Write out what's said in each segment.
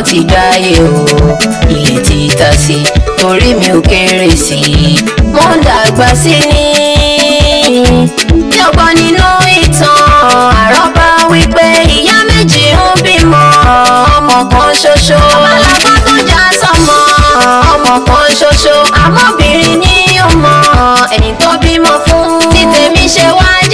wọ́n ti dáyé o ilé ti ta sí torí mi ò kéré sí i mo ń dàgbà sí ni bí ọgbọ́n nínú ìtàn àrọ́bá wípé ìyá méjì ń bímọ ọmọ kan ṣoṣo alábọ́ tó já sọmọ ọmọ kan ṣoṣo àmọ́bìnrin ni ó mọ ẹ̀yìn tó bímọ fún títẹ̀mí ṣe wáyé.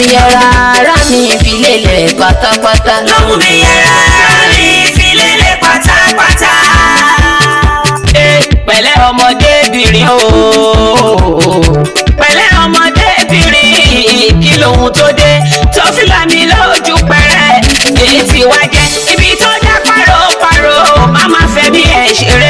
mi yọra ara mi ìfilélẹ̀ pátápátá. ló mú mi yọra ara mi ìfilélẹ̀ pátápátá. ẹ pẹ̀lẹ́ ọmọdébìnrin o pẹ̀lẹ́ ọmọdébìnrin kí lohun tó dé tó fi là mí lójú pẹ̀rẹ́ èyí tí wá jẹ́ ibi tó dá pàrọ̀ má má fẹ́ bí ẹ̀ ṣeré.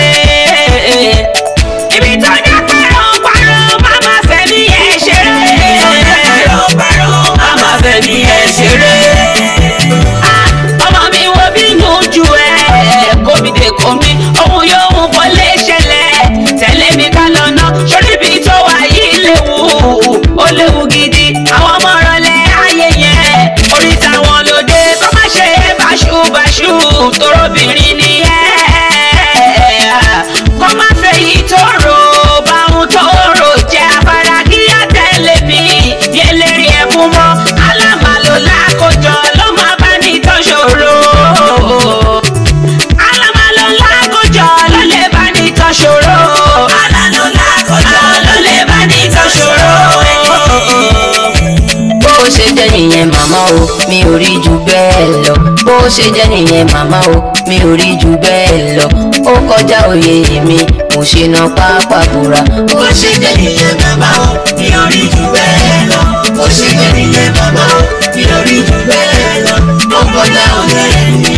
o mi ò rí jù bẹ́ẹ̀ lọ bó ṣe jẹ́ nìyẹn màmá o mi ò rí jù bẹ́ẹ̀ lọ ó kọjá òye mi mo ṣe na pápá bora. bó ṣe jẹ́ nìyẹn màmá o mi ò rí jù bẹ́ẹ̀ lọ bó ṣe jẹ́ nìyẹn màmá o mi ò rí jù bẹ́ẹ̀ lọ ó kọjá òye mi.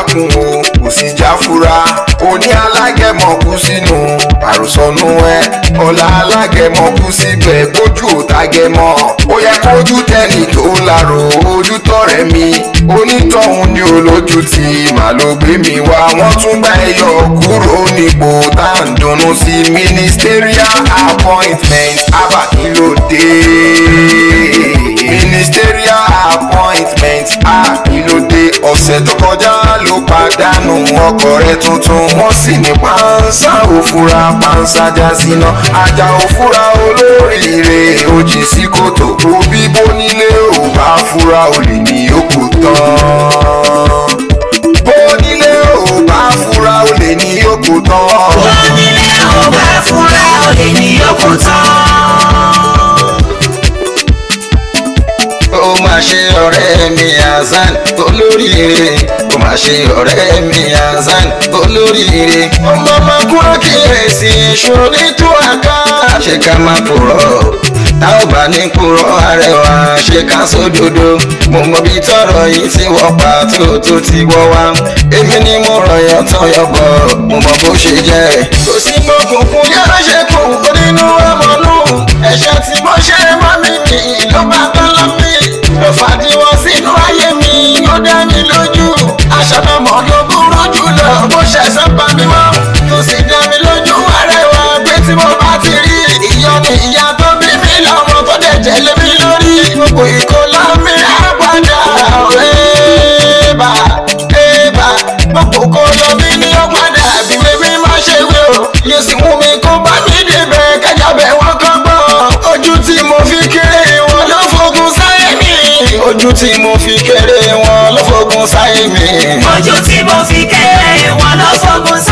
dákun o kò sì já fura oní alágẹmọ kú sínú àròsọnù ẹ ọ̀la alágẹmọ kú síbẹ̀ kójú òtágẹmọ ó yẹ kójú tẹ́ni tó ń larò ojú tọ̀rẹ́ mi onítọ̀hún ni olójú ti màlúgbé mi wá wọ́n tún gbà ẹyọ kúrò nípò tá à ń dunnú sí ministerial appointment abba ministerial appointment a kí ló dé ọ̀sẹ̀ tó kọjá ló pàdánù ọkọ rẹ̀ tuntun wọ́n sì ní pánsá òfura pánsá jásínà ajá òfura olóríire ojì sí kòtò òbí bó nílé ò bá fura olè ní yòókù tán bó nílé ò bá fura olè ní yòókù tán bó nílé ò bá fura olè ní yòókù tán. ṣe ọ̀rẹ́ mi azan olóríire kò má ṣe ọ̀rẹ́ mi azan olóríire. ọmọ ọmọ kúrò kí ẹ̀ sì ṣòro ní tó àká. àṣekà máa fòrọ̀ tá ò bá ní kúrò arẹwà ṣe ká sódodo mo mọ bí tọrọ yìí ti wọpa tó tó ti wọ wá èmi ni mo rọyàn tán yọbọ mo mọ bó ṣe jẹ. kò sí gbókùnkùn yára ṣe kù kó nínú ọmọnú ẹ̀ṣẹ̀ tí mo ṣe wá mi ní ló bá tán lọ́mí ló fàdíwọ́ sínú ayé mi ó dá mi lójú aṣọ náà mọ̀ ló burú jùlọ bó ṣe sábà mi wá tó sì dá mi lójú arẹwà pé tí mo bá ti rí ìyọ́nì ìyá lọ́mọ tó dẹ̀ jẹ́lé mi lórí gbogbo ìkólá mi àpàdà ẹ̀ẹ́bà ẹ̀ẹ́bà gbogbo kó lọ bí ní ọ̀padà bí bébí má ṣe wé o yé sì mú mi kó bá mi débẹ̀ kájà bẹ̀ wọ́n kọ́ gbọ́ ojú tí mo fi kéré wọn ló fogun sáyé mi ojú tí mo fi kéré wọn ló fogun sáyé mi ojú tí mo fi kéré wọn ló fogun sáyé mi.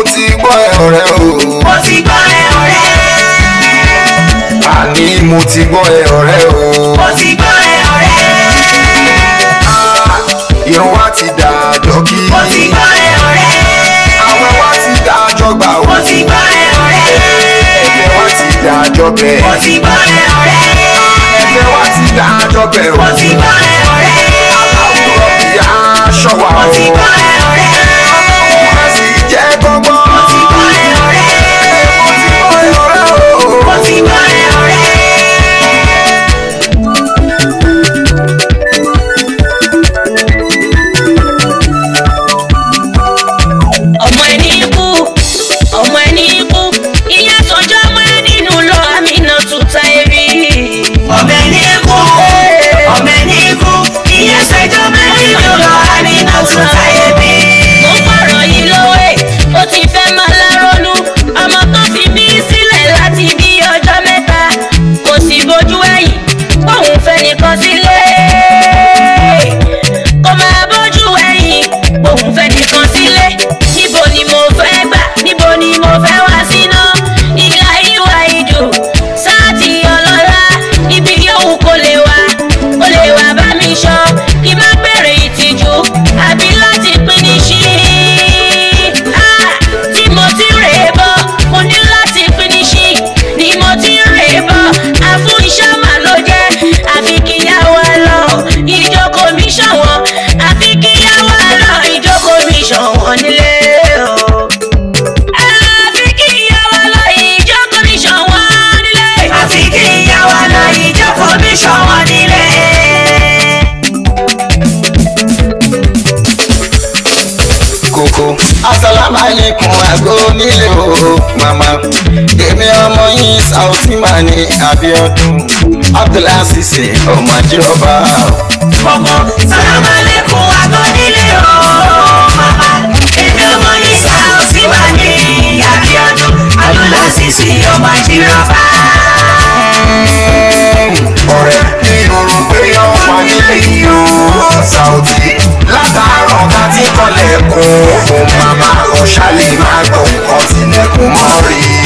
mo ti gbọ́ ẹ ọ̀rẹ́ o. mo ti gbọ́ ẹ ọ̀rẹ́. àní mo ti gbọ́ ẹ ọ̀rẹ́ o. mo ti gbọ́ ẹ ọ̀rẹ́. irun wa ti dà jọ kí. mo ti gbọ́ ẹ ọ̀rẹ́. àwọn wa ti dà jọ gbà o. mo ti gbọ́ ẹ ọ̀rẹ́. ẹgbẹ́ wa ti dà jọ bẹ̀. mo ti gbọ́ ẹ ọ̀rẹ́. ẹgbẹ́ wa ti dà jọ bẹ̀ o. mo ti gbọ́ ẹ ọ̀rẹ́. aláwọ̀ ìyá aṣọ wa o. mo ti gbọ́ ẹ ọ̀rẹ́ gangan. mo ti bọ́lẹ̀ ọ̀rẹ́. mo ti bọ́lẹ̀ ọ̀rẹ́ o. mo ti bọ́lẹ̀ ọ̀rẹ́. ọmọ ẹni kú ọmọ ẹni kú ìyá tọjọ́ máa nínú lọ àmì náà tún ta eré. abiodun abdulaziz ọmọ àjọba. ọmọ sálámà lẹ́kùn àgọ́nílé o màmá èmi ọmọ ìsà òsì wà ní abiodun abdulaziz ọmọ àjọba. ọ̀rẹ́ mi ò rò pé ọmọ nílé yìí ó Saoty látàárọ̀ ká ti kọ́lẹ̀kùn fún màmá ọ̀ṣálẹ̀ má gbọ̀ǹkan tilẹ̀kùn mọ́ rí i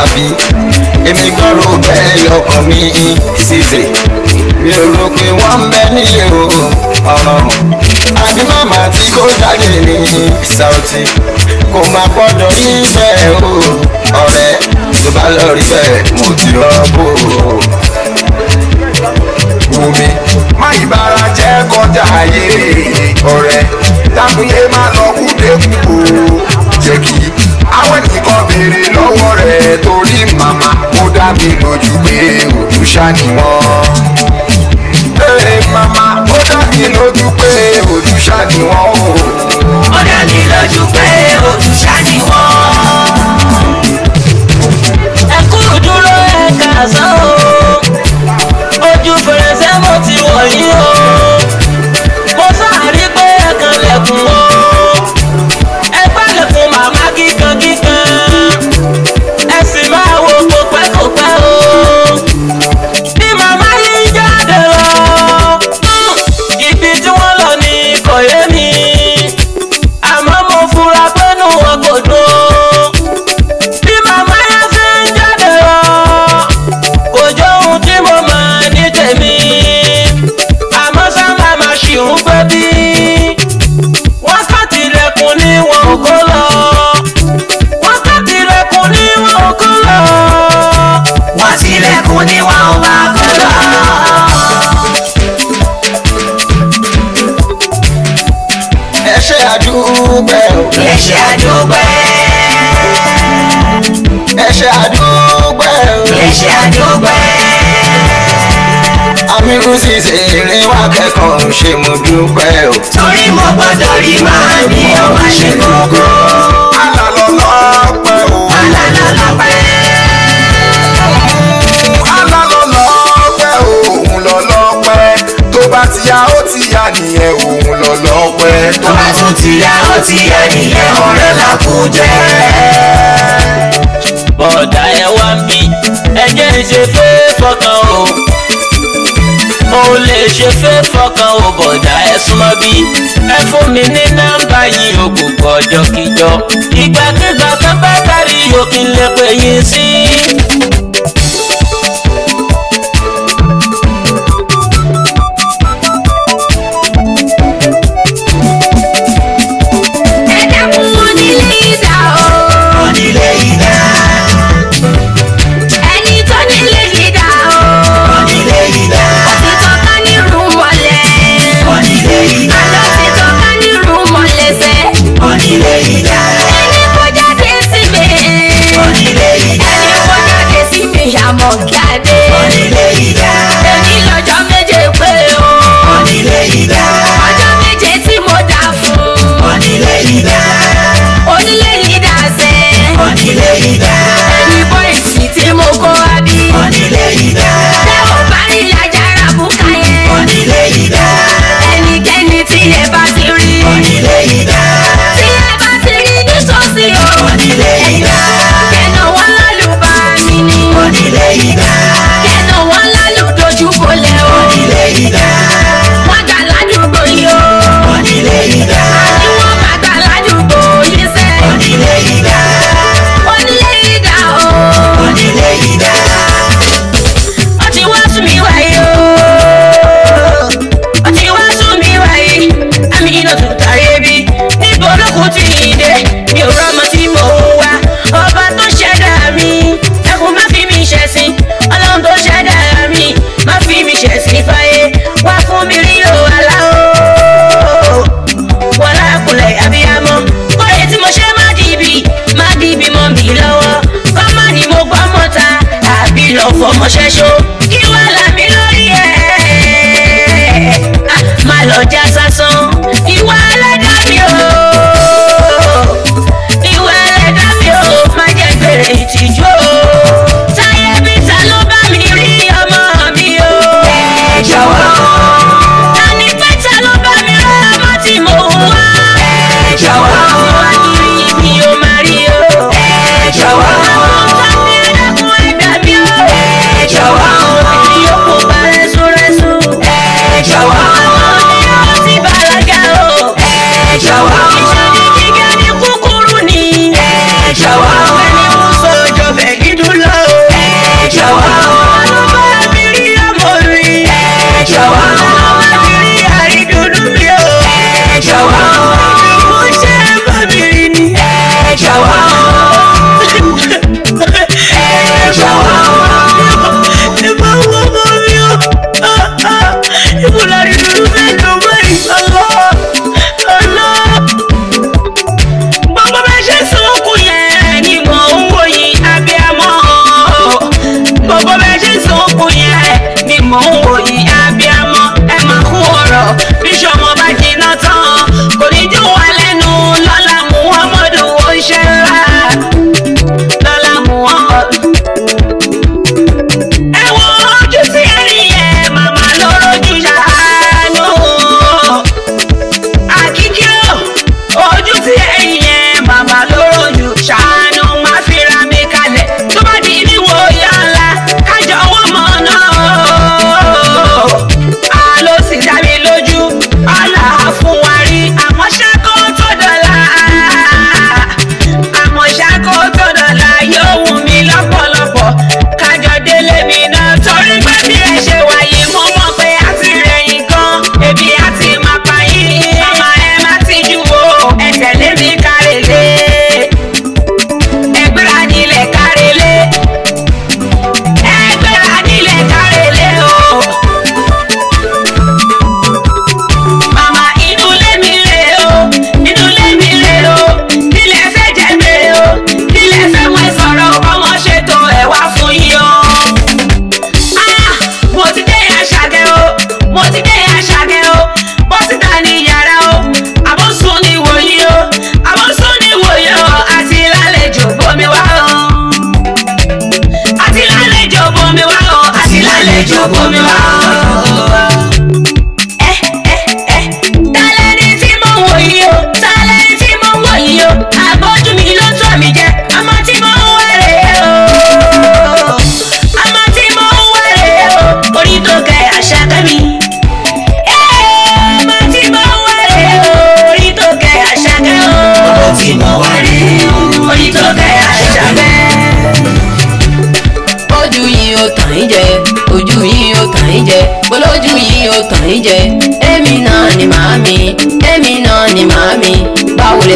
àbí èmi kan rò bẹ́ẹ̀ yọkàn mi ṣìṣe mi ò rò pé wọ́n bẹ nílé o ọ̀rọ̀rùn àbí màmá tí kò jáde ní Saoty kò máa gbọ́dọ̀ rí bẹ́ẹ̀ o ọ̀rẹ́ tó bá lọ rí bẹ́ẹ̀ mo ti rọ́ bò ó omi. má ìbára jẹ́ kọjá ayé ọ̀rẹ́ dákúnyé má lọ kúdé kú o jẹ́ kí àwọn nìkan béèrè lọ́wọ́ rẹ̀ torí màmá ó dá mi lójú pé òdùṣà ni wọ́n. ee màmá ó dá mi lójú pé òdùṣà ni wọ́n o. ó dá mi lójú pé òdùṣà ni wọ́n. ẹ kú dúró ẹ kà sọ́wọ́. àdúpẹ́ o. ẹ ṣé àdúpẹ́. ẹ ṣé àdúpẹ́ o. ẹ ṣé àdúpẹ́. amigu ṣiṣẹ́ eré wa kẹ́kọ̀ọ́ ṣe mo dúpẹ́ o. torí mo gbọ́dọ̀ rí màá ní ọmọ ṣe kókó. alàlọ́ lọ́pẹ́ o. alàlọ́ lọ́pẹ́. bá ti yá ó ti yá nìyẹn òun lọ lọ́pẹ́. tó bá tún ti tí ẹnìyẹn ọ̀rẹ́ làkújẹ́. bọ̀dà ẹ wá mi ẹjẹ́ ṣe fẹ́ fọkàn o mo lè ṣe fẹ́ fọkàn o bọ̀dà ẹ súnmọ́ bí ẹ fún mi ní nọ́mbà yìí o gbogbo ìgbàkigbà kan bá tàrí yòókì lè pè yín sí i.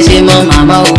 ṣe mọ́ màmá o.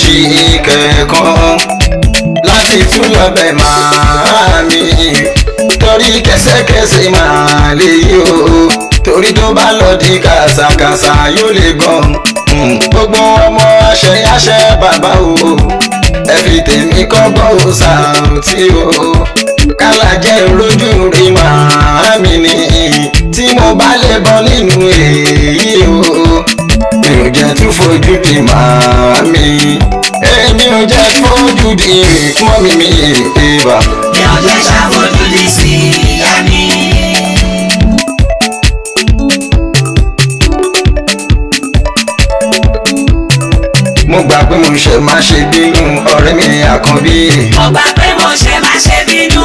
ṣí kẹ̀kọ́ láti tún lọ́bẹ̀ máa mi torí kẹsẹ̀kẹsẹ̀ máa lè yí o torí tó bá lọ di kàṣàkàṣà yóò lè gan hmm, gbogbo ọmọ aṣẹyàṣẹ bàbá o ẹ fi tèmi kọ́gbọ́n o Saoty o kálá jẹ́ lójú rí màá ni tí mo bá lè bọ́ nínú èyí o ò jẹ́ tún fojú di màá mi èmi ò jẹ́ fojú di mọ́ mi mi ìbà. mi ò jẹ́ ṣàfojú di sí ìyá mi. mo gbà pé mo ṣe má ṣe bínú ọ̀rẹ́ mi àkànbí. mo gbà pé mo ṣe má ṣe bínú.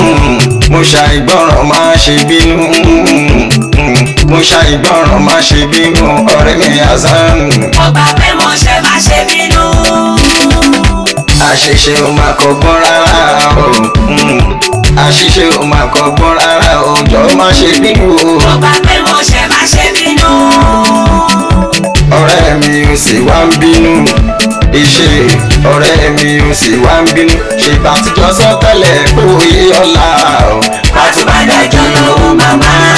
Mm, mo ṣàìgbọràn má ṣe bínú. Mm, mm mo ṣàìgbọràn má ṣe bínú ọ̀rẹ́ mi Hasan. mo gbà pé mo ṣe má ṣe bínú. àṣìṣe ò máa kọ́gbọ́n rárá o hmm. àṣìṣe ò máa kọ́gbọ́n rárá o jọ má ṣe bínú o. mo gbà pé mo ṣe má ṣe bínú. ọ̀rẹ́ mi ò sì wá ń bínú ìṣe ọ̀rẹ́ mi ò sì wá ń bínú ṣe bá ti sọ tẹ́lẹ̀ pé òye ọ̀la o. pàtùbàdà jọ̀nà ó máa máa.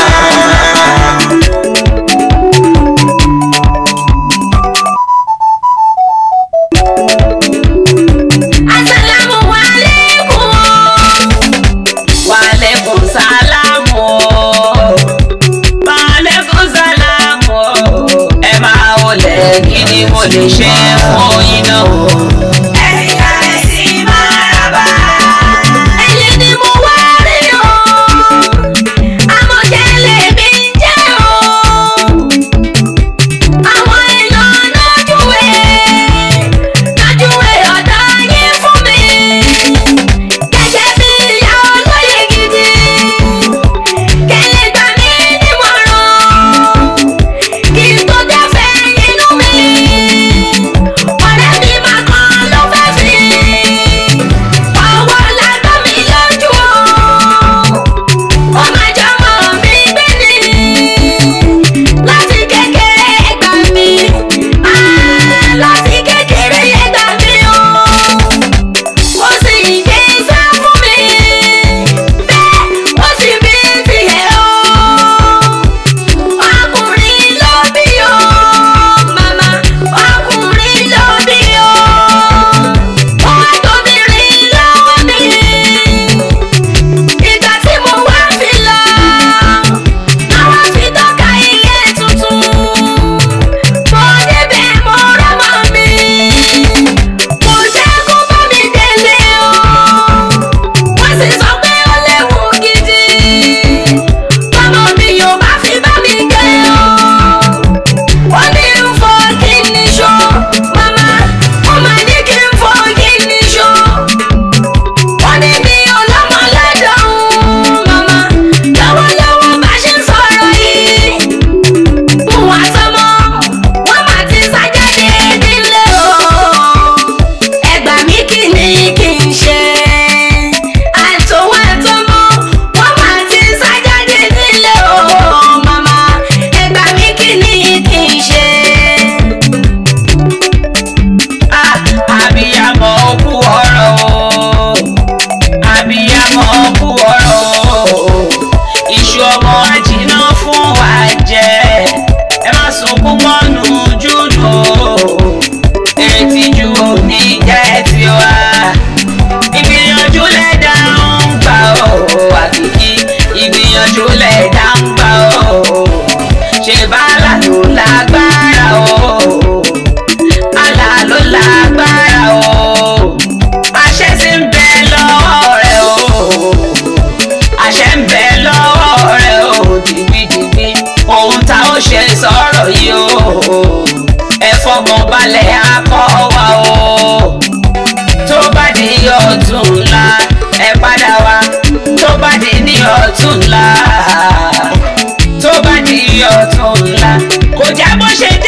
ìsàlẹ̀ akọ wa o tó bá di ọdún ńlá ẹ padà wá tó bá di ní ọdún ńlá tó bá di ọdún ńlá kò já ṣe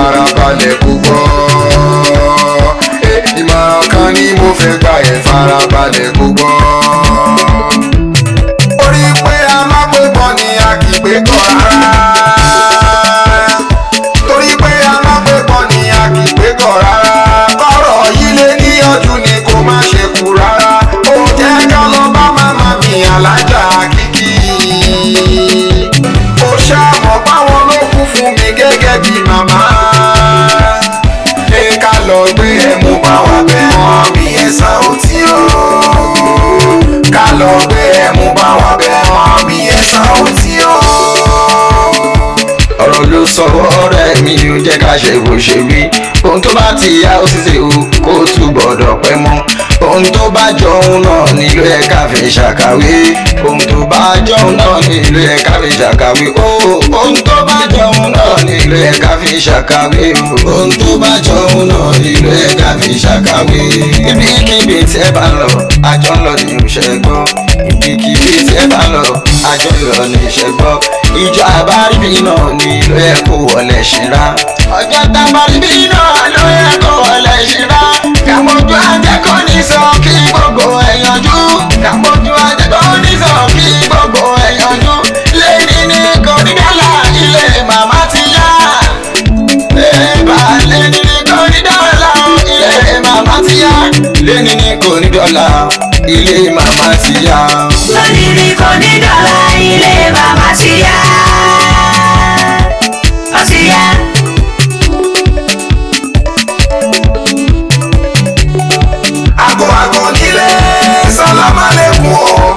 farabalẹ̀ púpọ̀ ìmọ̀ràn kan ni mo fẹ́ gbà ẹ́ farabalẹ̀ púpọ̀. sọ̀rọ̀ ọ̀rọ̀ ẹ̀mí ò jẹ́ ká ṣe bó ṣe wí ohun tó bá ti yá ó sì ṣe o kó tún gbọ́dọ̀ pẹ́ mọ́ ohun tó bá jọ òun náà nílò ẹ̀ ká fi ṣàkàwé ohun tó bá jọ òun náà nílò oh, ẹ̀ ká fi ṣàkàwé ohun tó bá jọ òun náà nílò ẹ̀ ká fi ṣàkàwé ohun tó bá jọ òun náà nílò ẹ̀ ká fi ṣàkàwé ibi kíbi tí ẹ bá lọ àjọ lọ ní ìṣẹ́gbọ́n ibi kíbi tí ẹ bá lọ àjọ lọ ní ìṣẹ́gbọ́n ìjọ àbáríbí náà nílò ẹ̀ kó wọlé ṣíra ọjọ́ tábàríbí náà ló yẹ kó wọlé ṣíra kàmójú ajẹ́kọ́ ní sọ kí gbogbo ẹ̀ yanjú kàmójú ajẹ́kọ́ ní sọ kí gbogbo ẹ̀ yanjú lẹ́ni ní kọ́nídàlà ilé màmá ti yá bébà lẹ́ni ní kọ́nídàlà ilé màmá ti yá lẹ́ni ní kọ́nídàlà ilé màmá ti yá. ilé màmá ti yá ó ti yá. Whoa.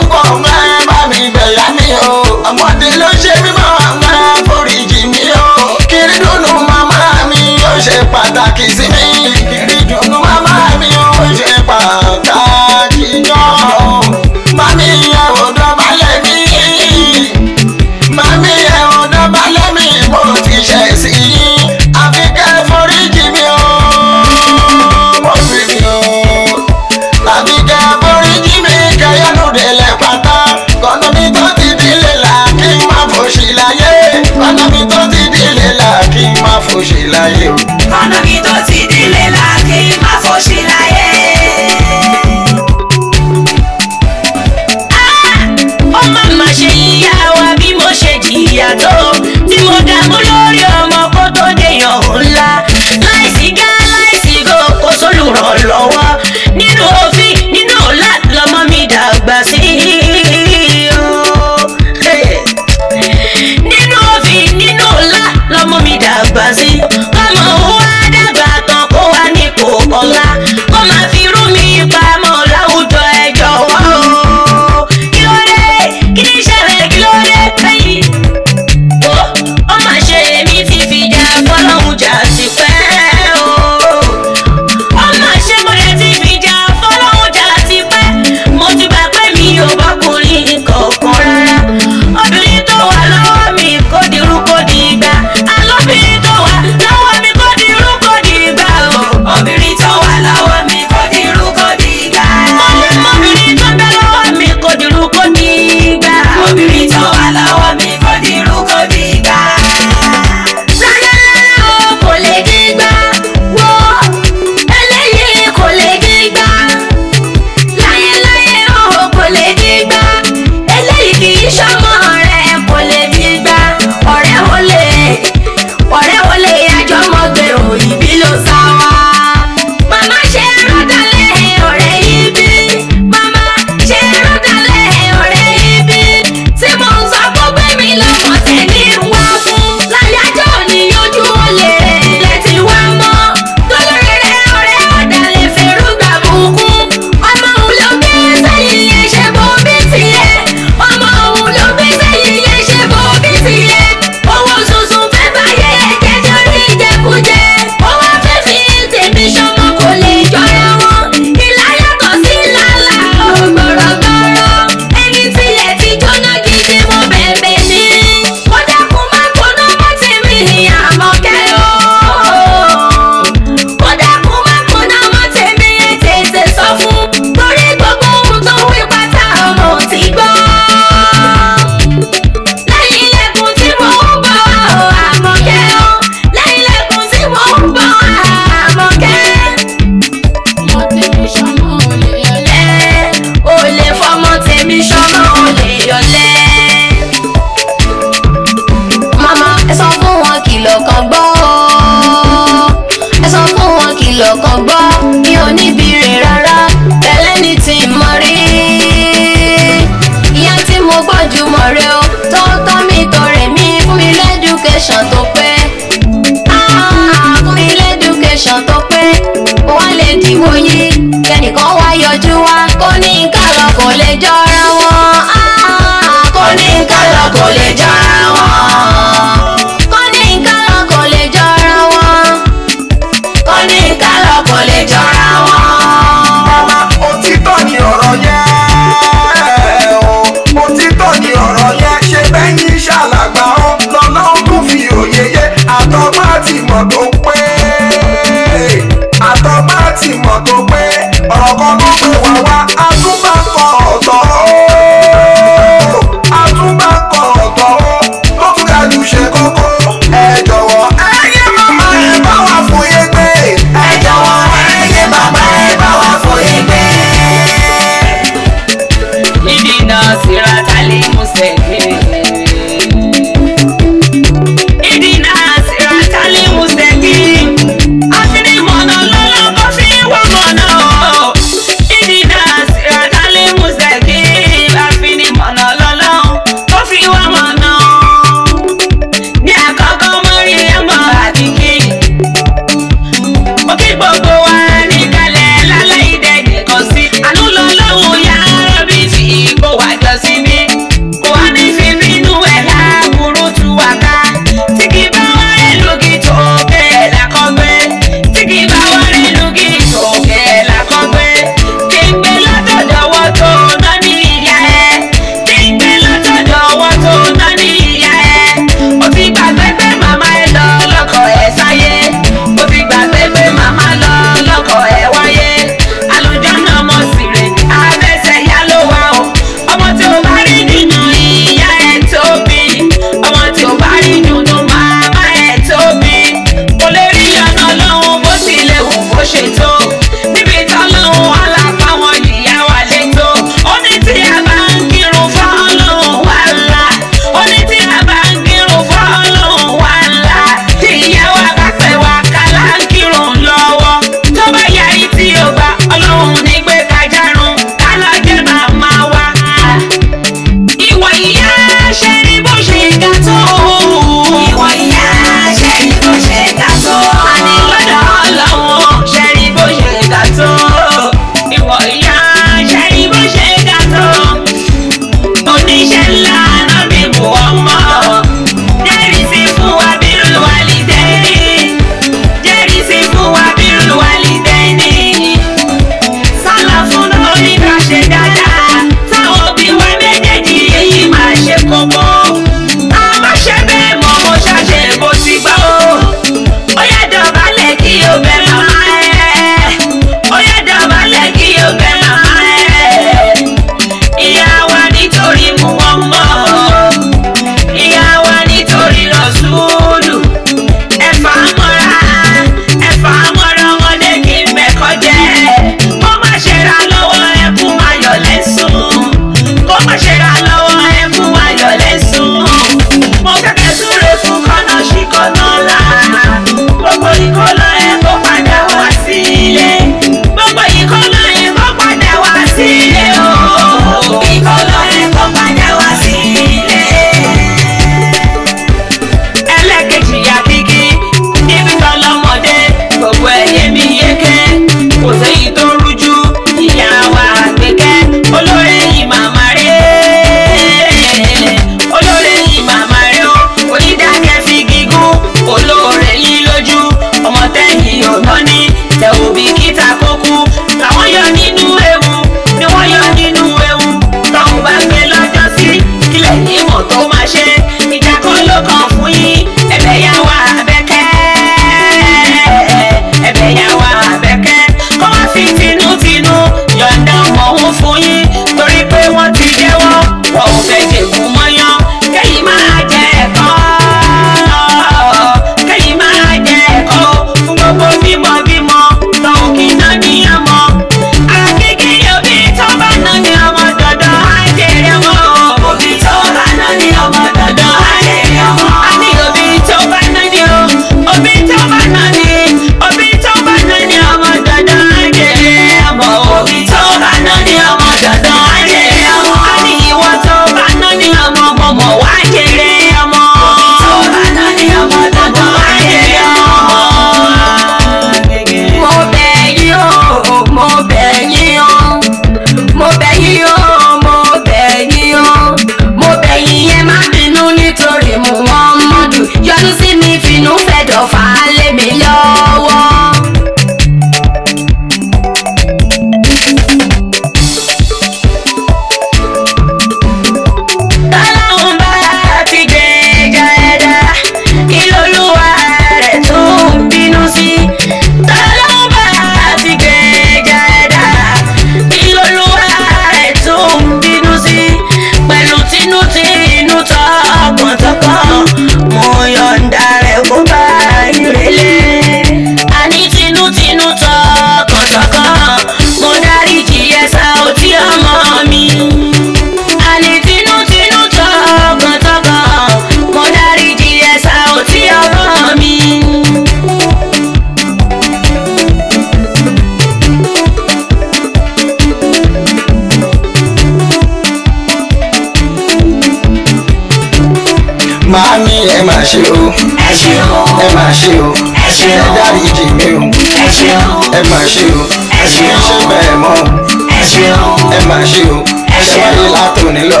ṣe o ẹṣẹ wáyé látòní lọ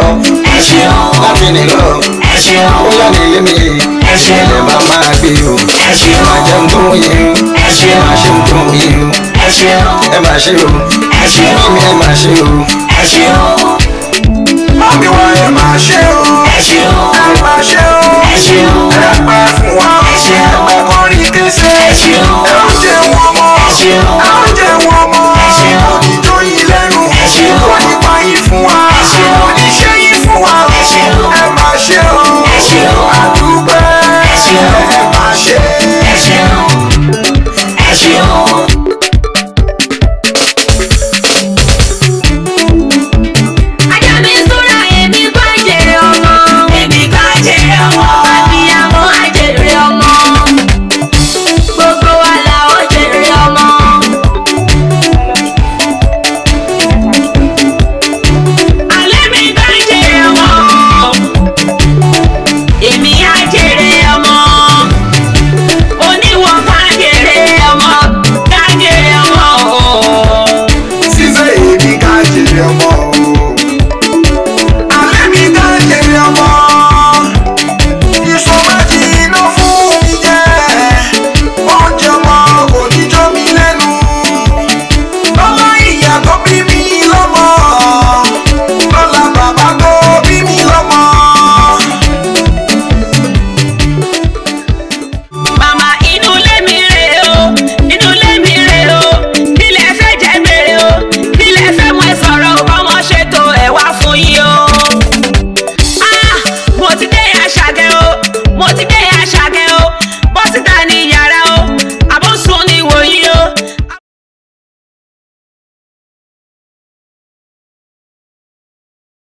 ẹṣẹ o lámìnì lọ ẹṣẹ o ó yà ní ilé mi ẹṣẹ lè má máa gbé o ẹṣẹ o máa jẹun tó yẹ o ẹṣẹ o máa ṣe tó yẹ o ẹṣẹ o ẹ máa ṣe o ẹṣẹ o mímí ẹ máa ṣe o ẹṣẹ o. mọ́mí wa ẹ máa ṣe o ẹṣẹ o ẹ máa ṣe o ẹṣẹ o ẹ pa fún wa ẹṣẹ o ẹ kọrin kése ẹṣẹ o ẹ ń jẹun.